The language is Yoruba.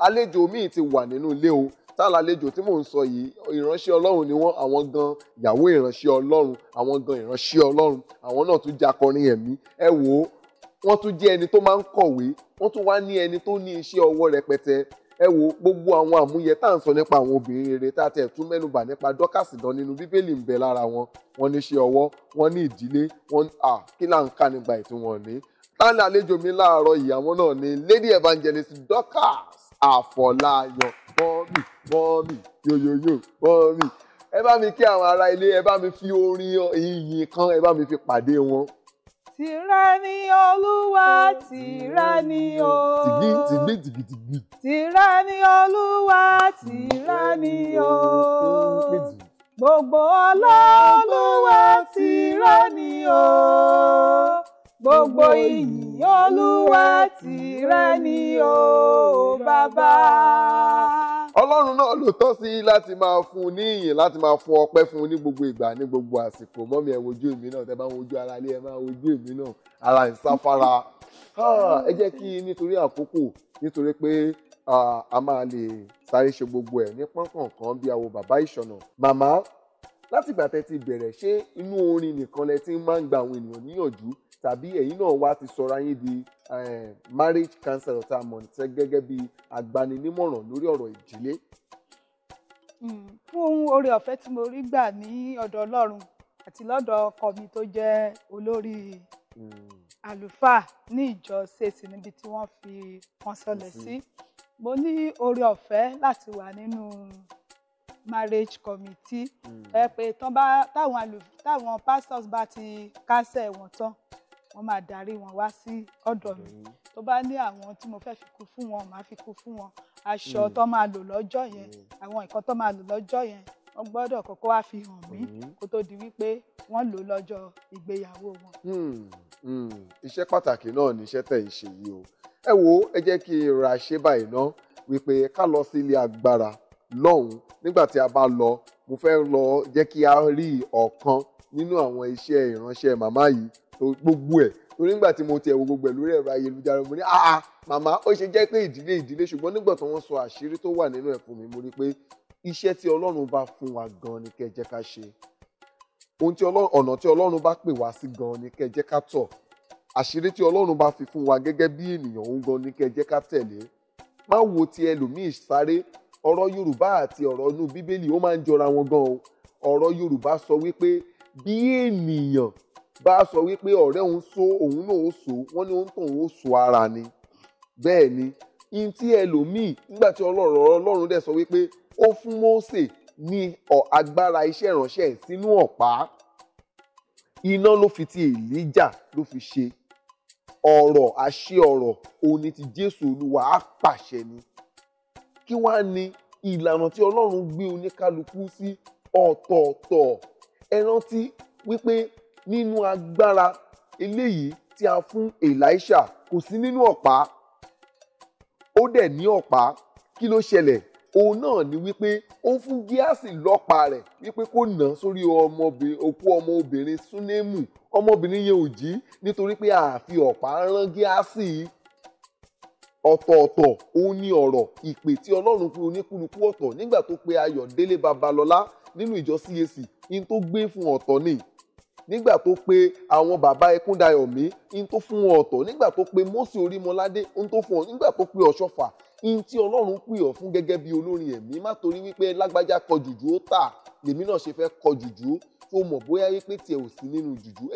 àlejò míì ti wà nínú ilé o táwọn àlejò tí mò ń sọ yìí ìránṣẹ́ ọlọ́run ni wọ́n àwọn gan ìyàwó ìránṣẹ́ ọlọ́run àwọn gan ìránṣẹ́ ọlọ́run àwọn náà tún jẹ́ akọrin ẹ̀mí ẹ wò ó wọ́n tún jẹ́ ẹni tó máa ń kọ̀wé wọ́n tún wá ní ẹni tó ní iṣẹ́ ọwọ́ rẹpẹtẹ ẹ wo gbogbo àwọn àmúyẹ tá à ń sọ nípa àwọn obìnrin rere tá a tẹ̀ tún mẹ́nubà nípa dọ́kàsì gan nínú bíbélì ń bẹ lára wọn wọn ní iṣẹ́ ọwọ́ wọn ní ìdílé wọn à kí là ń kà nígbà ètò wọn ní. tá a ní àlejò mi láàárọ̀ yìí àwọn náà ni Lady Evangelist Dorcas Àfọláyàn mọ́mì mọ́mì yóyóyó mọ́mì ẹ bá mi kí àwọn ará ilé ẹ bá mi fi orin ìyìn kan ẹ bá mi fi pàdé wọn. Tìrẹ ni Olúwa, tìrẹ ni o. Tìgbì tìgbì tìgbì tìgbì. Tìrẹ ni Olúwa, tìrẹ ni o. Gbogbo ọlá Olúwa, tìrẹ ni o gbogbo iyì olúwa tìrẹ ni o bàbá. ọlọ́run náà ló tọ́ sí láti máa fún un ní ìyìn láti máa fún ọpẹ́ fún un ní gbogbo ìgbà ní gbogbo àsìkò mọ́mí ẹ wojú èmi náà tẹ́ bá ń wojú ara ilé ẹ máa wojú èmi náà ara ń sáfara ẹ jẹ́ kí nítorí àkókò nítorí pé a máa lè sáré ṣe gbogbo ẹ̀ ní pọ́nkànkan bí àwo bàbá ìṣọ̀nà màmá láti ìgbà ti bẹ̀rẹ̀ ṣé inú orin nìkan lẹ ti máa ń gba àwọn ènìyàn níyànjú tàbí ẹ̀yin náà wá ti sọra yín di eh, marriage counselor tá a mọ̀ tẹ́ gẹ́gẹ́ bí agbaninímọ̀ràn lórí ọ̀rọ̀ ìdílé. Hmm, fún oore ọ̀fẹ́ tí mo rí gbà ní ọ̀dọ̀ ọlọ́run àti lọ́dọ̀ ọkọ mi tó jẹ́ olórí hmm. àlùfáà ní ìjọ ṣèṣì níbi tí wọ́n fi kọ́nsọ̀lẹ̀ hmm. sí mo ní oore ọ̀fẹ́ láti wà nínú marriage committee ẹ pé táwọn pastors bá ti kásẹ̀ wọn tán wọ́n máa darí wọn wá sí ọ̀dọ̀ mi mm-hmm. tó bá ní àwọn tí mo fẹ́ fi kú fún wọn màá fi kú fún wọn aṣọ mm-hmm. tó máa lò lọ́jọ́ yẹn mm-hmm. àwọn nǹkan tó máa lò lọ́jọ́ yẹn wọ́n gbọ́dọ̀ kọ́kọ́ wá fi hàn mí kó tó di wípé wọ́n lò lọ́jọ́ ìgbéyàwó wọn. Hmm, hmm. iṣẹ́ pàtàkì náà ni iṣẹ́ tẹ̀ ń ṣe yìí o ẹ wo ẹ jẹ́ kí n ra ṣe báyìí ná wípé ká lọ sí ilé agbára lọ́hùn nígbà tí a bá lọ mo fẹ́ lọ jẹ́ kí a rí ọ̀kan nínú àwọn iṣẹ́ ìránṣẹ́ màmá yìí gbogbo ẹ̀ torí nígbà tí mo tiẹ̀ wo gbogbo ẹ̀ lórí ẹ̀rọ ayélujára mo ní àá màmá ó ṣe jẹ́ pé ìdílé ìdílé ṣùgbọ́n nígbà tí wọ́n sọ àṣírí tó wà nínú ẹ̀ mi mo rí pé iṣẹ́ tí ọlọ́run bá fún wa gan ni kẹ́ jẹ́ ká ṣe ohun tí ọlọ́run ọ̀nà tí ọlọ́run bá pè wá sí gan ni kẹ́ jẹ́ ká tọ̀ àṣírí tí ọlọ́run bá fi fún wa gẹ́gẹ́ bí ènìyàn òun gan ni kẹ́ jẹ́ ká tẹ̀lé má wo ti ẹlòmíì sáré ọ̀rọ̀ yorùbá àti ọ̀rọ̀ inú bíbélì ó máa ń jọra wọn gan o yorùbá sọ wípé bí ènìyàn bá a sọ wípé ọ̀rẹ́ òun so òun náà ó so wọ́n ní òun tó òun ó so ara ni bẹ́ẹ̀ ni ihun tí ẹlòmíì nígbà tí ọlọ́run ọlọ́run dẹ̀ sọ wípé ó fún Mósè ní agbára iṣẹ́ ìránṣẹ́ sínú ọ̀pá iná ló fi ti Èlíjà ló fi ṣe ọ̀rọ̀ àṣẹ ọ̀rọ̀ òun ti Jésù Olúwa á pàṣẹ ni kí wá ni ìlànà tí ọlọ́run gbé oníkálukú sí ọ̀tọ̀ọ̀tọ̀ ẹ rántí wípé nínú agbára eléyìí tí a fún Elisha kò sí nínú ọ̀pá ó dẹ̀ ní ọ̀pá kí ló ṣẹlẹ̀ òun náà ni wípé ó fún gíásì lọ́pa rẹ̀ wípé kó nà án sórí òkú ọmọ obìnrin súnémù ọmọbìnrin yẹn ò jí nítorí pé àfi ọ̀pá rán gíásì ọ̀tọ̀ọ̀tọ̀ òun ni ọ̀rọ̀ ìpè tí ọlọ́run fún oníkúlùkù ọ̀tọ̀ nígbà tó pe ayọ̀délé babalọ́lá nínú ìjọ CAC in tó gbé fún ọ̀tọ̀ ni nígbà tó pe àwọn bàbá Ẹkúndayọ̀ mi ń tó fún wọn ọ̀tọ̀ nígbà tó pe Mósè Orímọládé ń tó fún ọ nígbà tó pe Ọ̀ṣọ́fà ń tí Ọlọ́run pè ọ́ fún gẹ́gẹ́ bí olórin ẹ̀mí má torí wípé lágbájá kọ jùjú ó tà lèmi náà ṣe fẹ́ kọ jùjú tó mọ̀ bóyá wípé tiẹ̀ ò sí nínú jùjú